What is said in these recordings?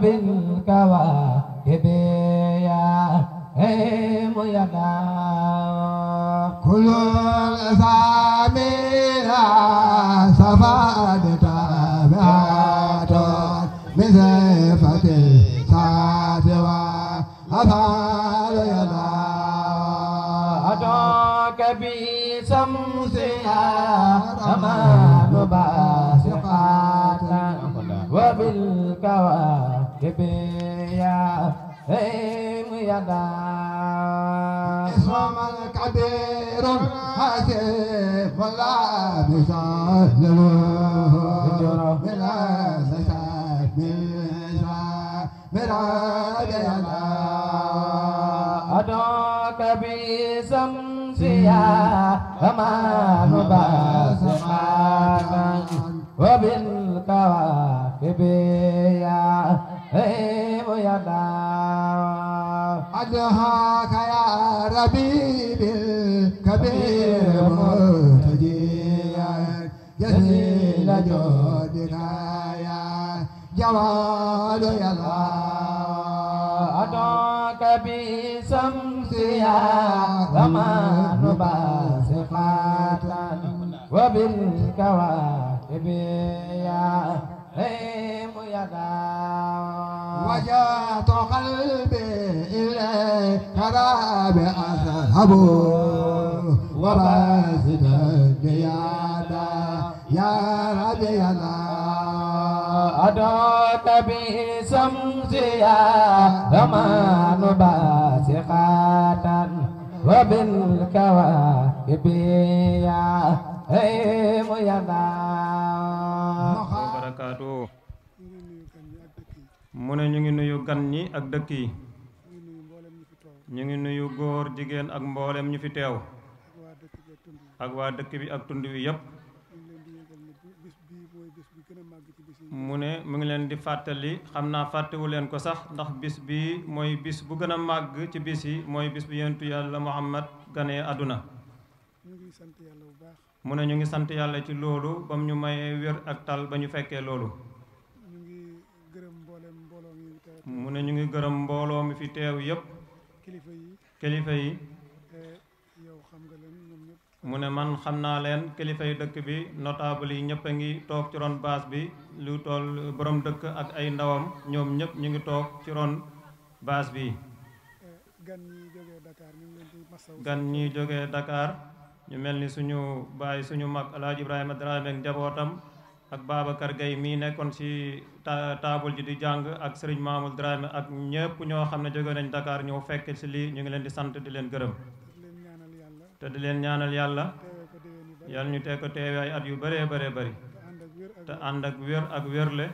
بالكواكب يا هيم يدا كل الأسامير صفات تابعات من سيفة ساتوا أفعال يدا أتوك بشمسها أمان باسقات وبالكواكب هيم يدا اسمع ملك عبير حاسب ولا بزال بلا سسات ميزا مراد يدا أدعوك بسمسيا فما نباسم الحبيب الكبير مرتجيا جزيل جودك يا جواد يا الله أدعوك بشمسها زمان باسقة وبالكواكب يا هيم يدا وجهت قلبي إليك رابعا أذهب وباسط الجيادة يا ربي يدا أدعوك به شمسي رمان باسقة وبالكواكب يا هيم يدا barakaatu mu ne ñu ngi nuyu gan ñi ak dëkk yi ñu ngi nuyu góor jigéen ak mboolem ñu fi teew ak waa dëkk bi ak tund wi yépp mu ne mu ngi leen di fàttali xam naa fàttewu leen ko sax ndax bis bi mooy bis bu gën a màgg ci bis yi mooy bis bu yentu yàlla Muhammad ganee àdduna ñu sant bu baax. mu ne ñu ngi sant yàlla ci loolu ba mu ñu mayee wér ak tal ba ñu fekkee loolu. gërëm mboolem mbooloo mi mu ne ñu ngi gërëm mbooloo mi fi teew yépp. kilifa yi kilifa yi. Eh, yow xam nga mu ne man xam naa leen kilifa yi dëkk bi notable yi ñëpp a ngi toog ci ron baas bi lu toll boroom dëkk ak ay ndawam ñoom ñëpp ñu ngi toog ci ron baas bi. Eh, gan ñi jógee Dakar ñu mel ni suñu baay suñu mag alaaji ibrahima Dramé ak njabootam ak Babacar Gueye mii nekkoon ci taabul ji di jàng ak sëriñ Mamoul Dramé ak ñëpp ñoo xam ne jóge nañ Dakar ñëw fekk ci lii ñu ngi leen di sant di leen gërëm te di leen ñaanal yàlla yal ñu teg ko teewe at yu bëree bëree bari te ànd ak wér ak wérle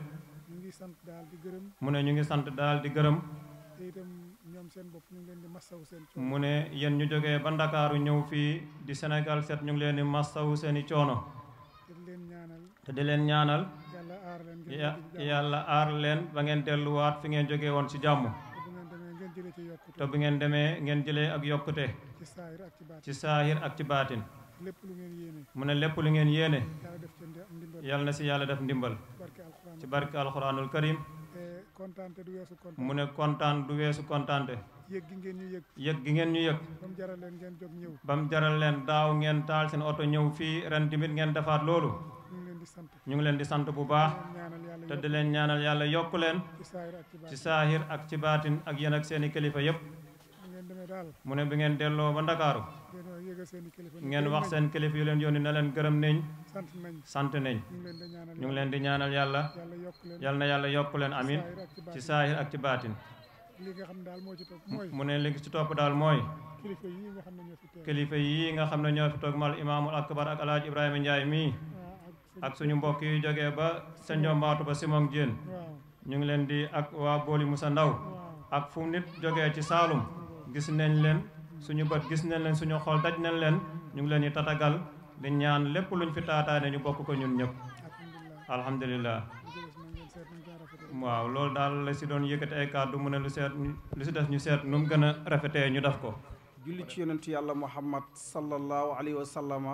mu ne ñu ngi sant daal di gërëm ñoom seen bopp mu ne yéen ñu jógee ba Ndakaaru ñëw fii di Sénégal set ñu ngi leen di massawu seen i coono. te di leen ñaanal. te yàlla aar leen ngeen ba ngeen delluwaat fi ngeen jógee woon ci jàmm. te bu ngeen demee ngeen jëlee ak yokkute. ci saahir ak ci baatin. mu ne lépp lu ngeen yéene. yàlla na si yàlla def ndimbal. ci barke alxuraanul karim. kontaante du weesu kontaante mu ne kontaan du weesu kontaante. yëg gi ngeen ñu yëg. yëg ba mu jaral leen ngeen ba jaral leen daaw ngeen taal seen oto ñëw fii ren tamit ngeen defaat loolu. ñu ngi leen di sant. ñu ngi leen di sant bu baax. te di leen ñaanal yàlla yokk leen. ci saahir ak ci baatin ak yéen ak seeni kilifa yëpp. mu ne bi ngeen delloo ba Ndakaaru. ngeen wax seen kilifa yu leen yónni na leen gërëm nañ sant nañ ñu ngi leen di ñaanal yàlla yal na yàlla yokk leen amin ci saahir ak ci baatin mu ne léegi ci topp daal mooy kilifa yi nga xam ne ñoo fi toog mal imaamul akbar ak alaaji ibrahima njaay mii ak suñu mbokk yu jógee ba sa mbaatu ba simon jéen ñu ngi leen di ak waa booli musa ndaw ak fu nit jógee ci saalum gis nañ leen suñu bët gis nañ leen suñu xool daj nañ leen ñu ngi leen di tatagal di ñaan lépp lu luñ fi taataane ñu bokk ko ñun ñëpp alhamdulilah waaw loolu daal la si doon yëkkati ay kàddu mu ne lu seet lu si def ñu seet nu mu gën a rafetee ñu def ko julli ci yonentu yàlla muhammad sallallahu alayhi wa sallama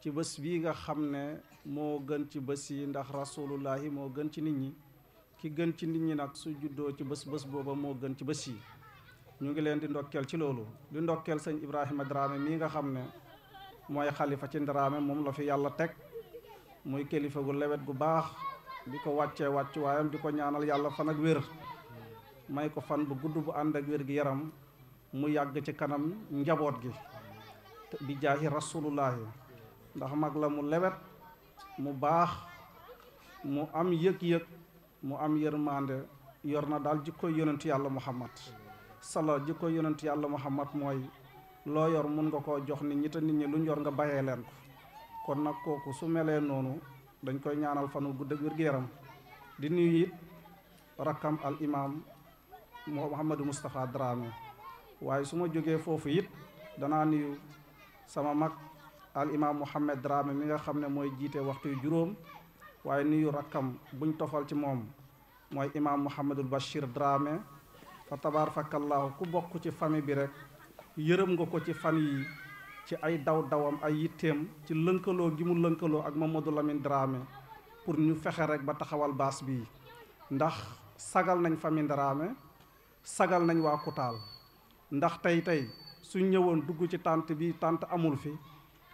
ci bés bii nga xam ne moo gën ci bés yi ndax rasulullahi moo gën ci nit ñi ki gën ci nit ñi nag su juddoo ci bés bés booba moo gën ci bés yi ñu ngi leen di ndokkeel ci loolu di ndokkeel sëñ Ibrahima Dramé mii nga xam ne mooy xalifa ci Dramé moom la fi yàlla teg muy kilifa gu lewet gu baax bi ko wàccee wàccu waayam di ko ñaanal yàlla fan ak wér may ko fan bu gudd bu ànd ak wér gi yaram mu yàgg ci kanam njaboot gi bi jaahi rasulullahi ndax mag la mu lewet mu baax mu am yëg-yëg mu am yërmande yor na daal jikkoy yonentu yàlla muhammad solo jikko yonent yàlla muhammad mooy loo yor mun nga koo jox nit ñi te nit ñi luñ yor nga bàyyee leen ko kon nag kooku su melee noonu dañ koy ñaanal fanu gudd ak wér-gu-yaram di nuyu it rakkam al imam Mouhamadou Moustapha waaye su ma jógee foofu yit danaa nuyu sama mag al imam Mouhamed Dramé mi nga xam ne mooy jiite waxtu yu juróom waaye nuyu rakkam buñ tofal ci moom mooy imam Mouhamadul Bachir Dramé fa tabaar fakkallaahu ku bokk ci famille bi rek yërëm nga ko ci fan yi ci ay daw dawam ay yitteem ci lënkaloo gi mu lënkaloo ak Mamadou Lamine Dramé pour ñu fexe rek ba taxawal baas bii ndax sagal nañ famille Dramé sagal nañu waa Kutaal ndax tey tey suñ ñëwoon dugg ci tànt bi tànt amul fi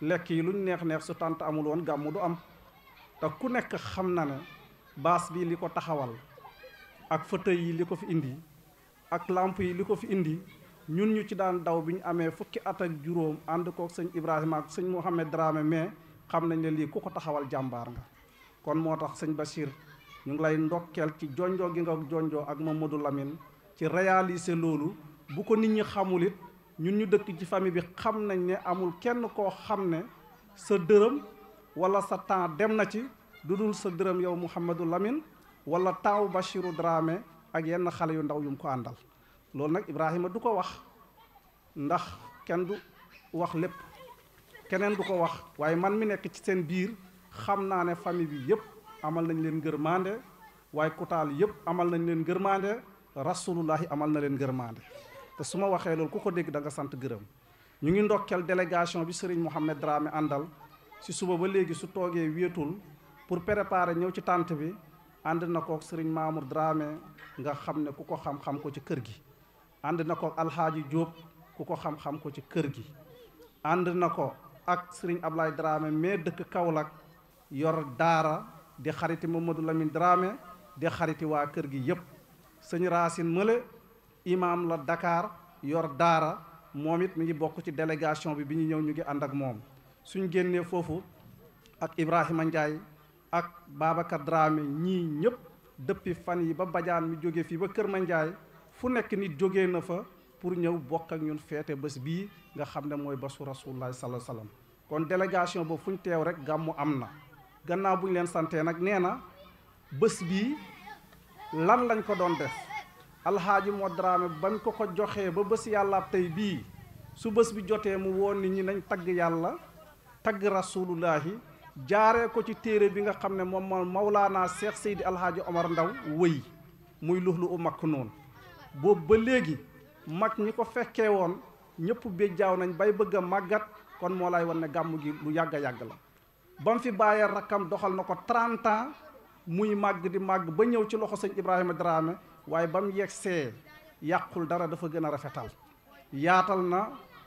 lekk yi luñ neex neex su tànt amul gàmmu du am te ku nekk xam na ne baas bi li ko taxawal ak fauteuil yi li ko fi indi ak làmp yi li ko fi indi ñun ñu ci daan daw bi ñu amee fukki at ak juróom ànd kook sëñ Ibrahima ak sëñ Mouhamed Dramé mais xam nañ ne lii ku ko taxawal jàmbaar nga kon moo tax sëñ Bachir ñu ngi lay ndokkeel ci jonjoo gi nga jonjoo ak Mamadou lamin ci réaliser loolu bu ko nit ñi xamul it ñun ñu dëkk ci famille bi xam nañ ne amul kenn koo xam ne sa dërëm wala sa temps dem na ci du dul sa dërëm yow Mouhamadou lamin wala taaw Bachiru Dramé ak yenn xale yu ndaw yum ko àndal loolu nag Ibrahima du ko wax ndax kenn du wax lépp keneen du ko wax waaye man mi nekk ci seen biir xam naa ne famille bi yëpp amal nañ leen ngërmande waaye kutaal yëpp amal nañ leen ngërmande rasulullahi amal na leen ngërmande te su ma waxee loolu ku ko dégg da nga sant gërëm ñu ngi ndokkeel délégation bi Serigne Mohamed Dramé àndal si suba ba léegi su toogee wéetul pour préparer ñëw ci tànt bi ànd na kook sëriñ Mamour Dramé nga xam ne ku ko xam-xam ko ci kër gi ànd na ko alxaaji Jóob ku ko xam ko ci kër gi ànd na ko ak sëriñ Ablaye Dramé mais dëkk Kaolack yor daara di xariti Mamadou Lamine Dramé di xariti waa kër gi yépp sëñ Racine Mële imaam la dakaar yor daara moom it mu ngi bokk ci délégation bi bi ñu ñëw ñu ngi ànd ak moom suñ génnee foofu ak Ibrahima Ndiaye ak Babacar Dramé ñii ñëpp dëppi fan yi ba bajaan mi jóge fii ba Kër Mandiaye fu nekk nit jógee na fa pour ñëw bokk ak ñun feete bés bii nga xam ne mooy basu rasulullah sallallahu kon délégation boobu fu ñu teew rek gàmmu am na gannaaw bu ñu leen santee nag nee na bés bii lan lañ ko doon def alxaaji moo Dramé bañ ko ko joxee ba bés yàlla tey bii su bés bi jotee mu woon nit ñi nañ tagg yàlla tagg rasulullahi jaare ko ci téere bi nga xam ne moom moom Mawlaana Seex Seydi Alhaaji Omar Ndaw wëy muy Luxlu'u Maknuun boobu ba léegi mag ñi ko fekkee woon ñëpp béjjaaw nañ bay bëgg a màggat kon moo lay wan gàmmu gi lu yàgg a yàgg la ba mu fi bàyyee rakkam doxal na ko 30 ans muy màgg di màgg ba ñëw ci loxo sëñ Ibrahima Dramé waaye ba mu yegsee yàqul dara dafa gën a rafetal yaatal na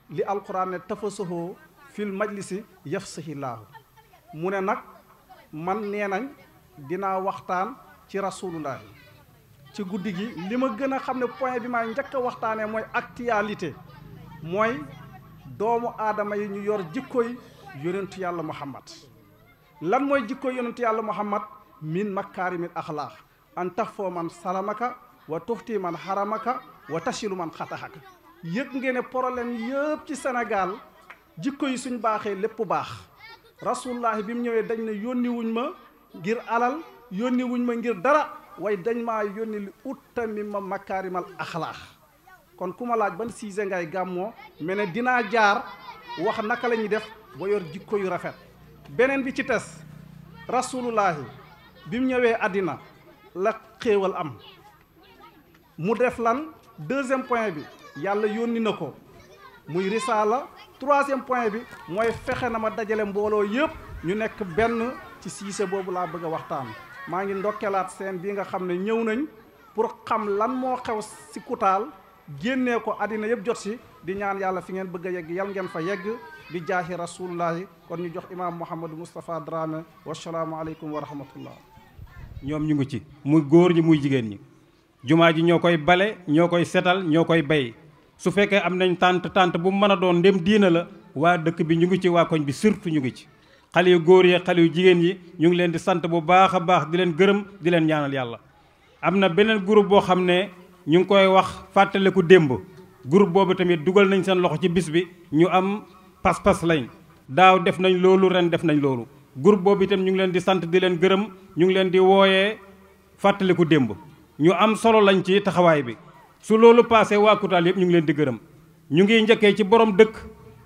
li alquran ne tafasaxoo fil majlisi yafsahi laahu mu ne nag man nee nañ dinaa waxtaan ci rasulullah ci guddi gi li ma gën a xam ne point bi maa njëkk waxtaanee mooy ak actualité mooy doomu aadama yi ñu yor jikkoy yonentu yàlla muhammad lan mooy jikkoy yonentu yàlla muhammad min makaarimil axlaax an tax foo man salamaka wa tuxti man xaramaka wa tasilu man xataxaka yëg ngeen ne problème yëpp ci Sénégal jikko yi suñu baaxee lépp baax rasulullahi bi mu ñëwee dañ ne yónni ma ngir alal yónni ma ngir dara way dañ maa yónni li uttami ma makaarimal axlaax kon ku ma laaj ban siise ngay gàmmoo me ne dinaa jaar wax naka la ñuy def ba jikko yu rafet beneen bi ci tes rasulullahi bi mu ñëwee àddina la xéewal am mu def lan deuxième point bi yàlla yónni na ko muy risaala troisième poin bi mooy fexe na ma dajale mbooloo yëpp ñu nekk benn ci siise boobu laa bëgg waxtaan maa ngi ndokkeelaat seen bii nga xam ne ñëw nañ pour xam lan moo xew si kutaal génnee ko àddina yëpp jot si di ñaan yàlla fi ngeen bëgg a yegg yal ngeen fa yegg bi jaahi rasulullahi kon ñu jox imaam Mouhamadou Moustapha Dramé wasalaamualeykum wa rahmatullah ñoom ñu ngi ci muy góor ñi muy jigéen ñi jumaa ji ñoo koy bale ñoo koy setal ñoo koy bay su fekkee am nañ tànt tànt bu mu mën a doon ndem diina la waa dëkk bi ñu ngi ci waa koñ bi surtout ñu ngi ci xale yu góor yi xale yu jigéen yi ñu ngi leen di sant bu baax a baax di leen gërëm di leen ñaanal yàlla am na beneen groupe boo xam ne ñu ngi koy wax fàttaliku démb groupe boobu tamit dugal nañ seen loxo ci bis bi ñu am pas-pas lañ daaw def nañ loolu ren def nañ loolu groupe boobu itam ñu ngi leen di sant di leen gërëm ñu ngi leen di wooyee fàttaliku démb ñu am solo lañ ci taxawaay bi su loolu paasee waa Koutal yëpp ñu ngi leen di gërëm ñu ngi njëkkee ci borom dëkk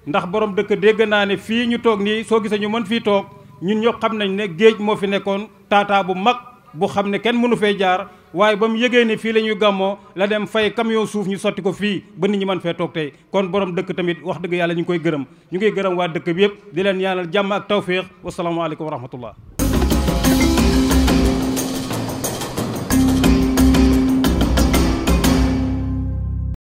ndax borom dëkk dégg naa ne fii ñu toog nii soo gisee ñu mën fii toog ñun ñoo xam nañ ne géej moo fi nekkoon taataa bu mag bu xam ne kenn mënu fee jaar waaye ba mu yëgee ne fii la ñuy gàmmoo la dem fay camion suuf ñu sotti ko fii ba nit ñi mën fee toog tey kon borom dëkk tamit wax dëgg yàlla ñu ngi koy gërëm ñu ngi gërëm waa dëkk bi yëpp di leen ñaanal jàmm ak tawféex wasalaamualeykum